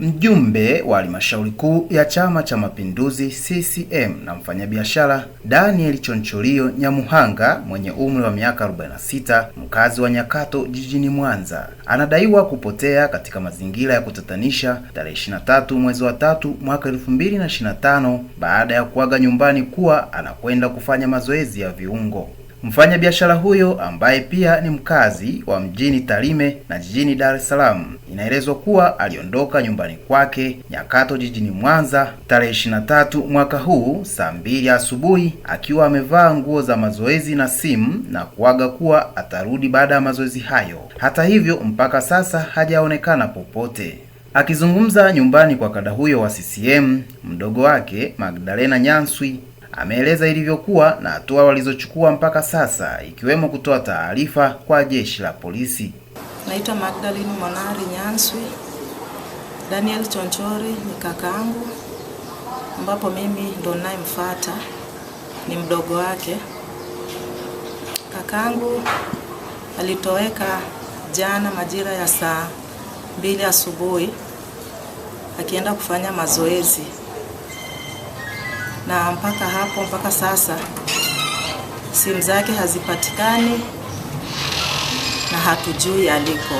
Mjumbe wa halmashauri kuu ya Chama cha Mapinduzi CCM na mfanyabiashara Daniel Choncholio Nyamuhanga mwenye umri wa miaka 46, mkazi wa Nyakato jijini Mwanza, anadaiwa kupotea katika mazingira ya kutatanisha tarehe 23 mwezi wa tatu mwaka 2025 baada ya kuaga nyumbani kuwa anakwenda kufanya mazoezi ya viungo. Mfanyabiashara huyo ambaye pia ni mkazi wa mjini Tarime na jijini Dar es Salaam, inaelezwa kuwa aliondoka nyumbani kwake Nyakato jijini Mwanza tarehe 23 mwaka huu saa mbili asubuhi akiwa amevaa nguo za mazoezi na simu na kuaga kuwa atarudi baada ya mazoezi hayo. Hata hivyo, mpaka sasa hajaonekana popote. Akizungumza nyumbani kwa kada huyo wa CCM, mdogo wake Magdalena Nyanswi Ameeleza ilivyokuwa na hatua walizochukua mpaka sasa ikiwemo kutoa taarifa kwa jeshi la polisi. Naitwa Magdalene Monari Nyanswi. Daniel Chonchori ni kakaangu, ambapo mimi ndo nayemfata ni mdogo wake. Kakaangu alitoweka jana majira ya saa mbili asubuhi akienda kufanya mazoezi na mpaka hapo, mpaka sasa simu zake hazipatikani na hatujui aliko.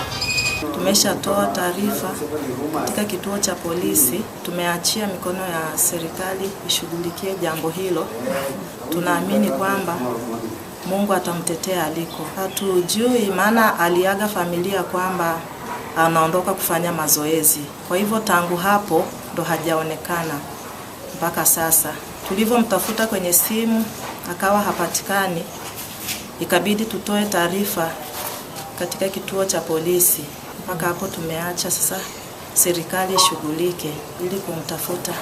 Tumeshatoa taarifa katika kituo cha polisi, tumeachia mikono ya serikali ishughulikie jambo hilo. Tunaamini kwamba Mungu atamtetea aliko. Hatujui, maana aliaga familia kwamba anaondoka kufanya mazoezi. Kwa hivyo tangu hapo ndo hajaonekana mpaka sasa. Tulivyomtafuta kwenye simu akawa hapatikani, ikabidi tutoe taarifa katika kituo cha polisi. Mpaka hapo tumeacha sasa, serikali ishughulike ili kumtafuta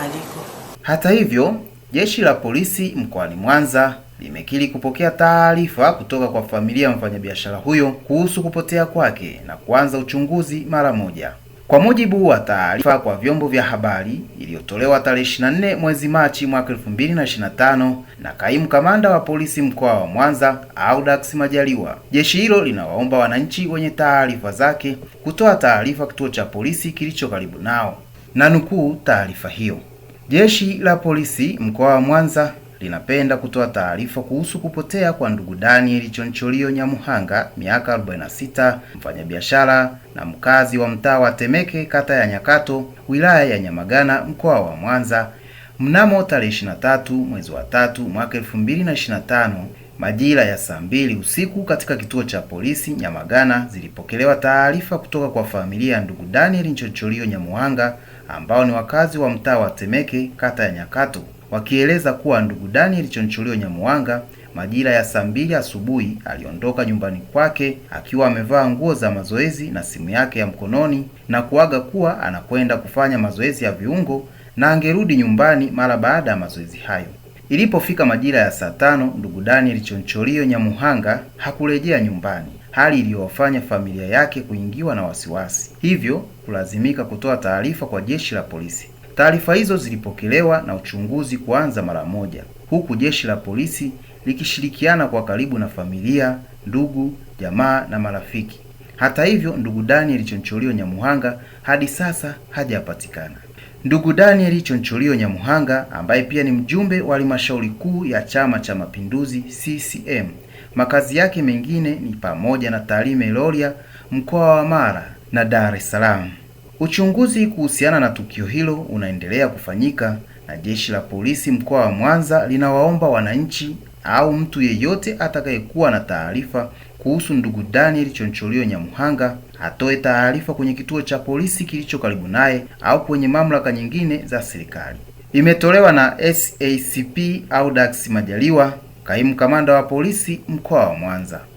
aliko. Hata hivyo, jeshi la polisi mkoani Mwanza limekiri kupokea taarifa kutoka kwa familia ya mfanyabiashara huyo kuhusu kupotea kwake na kuanza uchunguzi mara moja. Kwa mujibu wa taarifa kwa vyombo vya habari iliyotolewa tarehe 24 mwezi Machi mwaka 2025 na kaimu kamanda wa polisi mkoa wa Mwanza, Audax Majaliwa, jeshi hilo linawaomba wananchi wenye taarifa zake kutoa taarifa kituo cha polisi kilicho karibu nao. Na nukuu taarifa hiyo, jeshi la polisi mkoa wa Mwanza linapenda kutoa taarifa kuhusu kupotea kwa ndugu Daniel Choncholio Nyamuhanga, miaka 46, mfanyabiashara na mkazi wa mtaa wa Temeke, kata ya Nyakato, wilaya ya Nyamagana, mkoa wa Mwanza mnamo tarehe 23 mwezi wa 3 mwaka 2025 majira ya saa mbili usiku katika kituo cha polisi Nyamagana zilipokelewa taarifa kutoka kwa familia ya ndugu Daniel Choncholio Nyamuhanga ambao ni wakazi wa mtaa wa Temeke, kata ya Nyakato wakieleza kuwa ndugu Daniel Chonchulio Nyamuhanga majira ya saa mbili asubuhi aliondoka nyumbani kwake akiwa amevaa nguo za mazoezi na simu yake ya mkononi na kuaga kuwa anakwenda kufanya mazoezi ya viungo na angerudi nyumbani mara baada ya mazoezi hayo. Ilipofika majira ya saa tano, ndugu Daniel Chonchulio Nyamuhanga hakurejea nyumbani, hali iliyowafanya familia yake kuingiwa na wasiwasi, hivyo kulazimika kutoa taarifa kwa Jeshi la Polisi. Taarifa hizo zilipokelewa na uchunguzi kuanza mara moja, huku jeshi la polisi likishirikiana kwa karibu na familia, ndugu, jamaa na marafiki. Hata hivyo, ndugu Daniel Chonchorio Nyamuhanga hadi sasa hajapatikana. Ndugu Daniel Chonchorio Nyamuhanga ambaye pia ni mjumbe wa halmashauri kuu ya Chama cha Mapinduzi CCM. Makazi yake mengine ni pamoja na Tarime Rorya mkoa wa Mara na Dar es Salaam. Uchunguzi kuhusiana na tukio hilo unaendelea kufanyika na Jeshi la Polisi Mkoa wa Mwanza linawaomba wananchi au mtu yeyote atakayekuwa na taarifa kuhusu ndugu Daniel Choncholio Nyamuhanga atoe taarifa kwenye kituo cha polisi kilicho karibu naye au kwenye mamlaka nyingine za serikali. Imetolewa na SACP Audax Majaliwa, Kaimu Kamanda wa Polisi Mkoa wa Mwanza.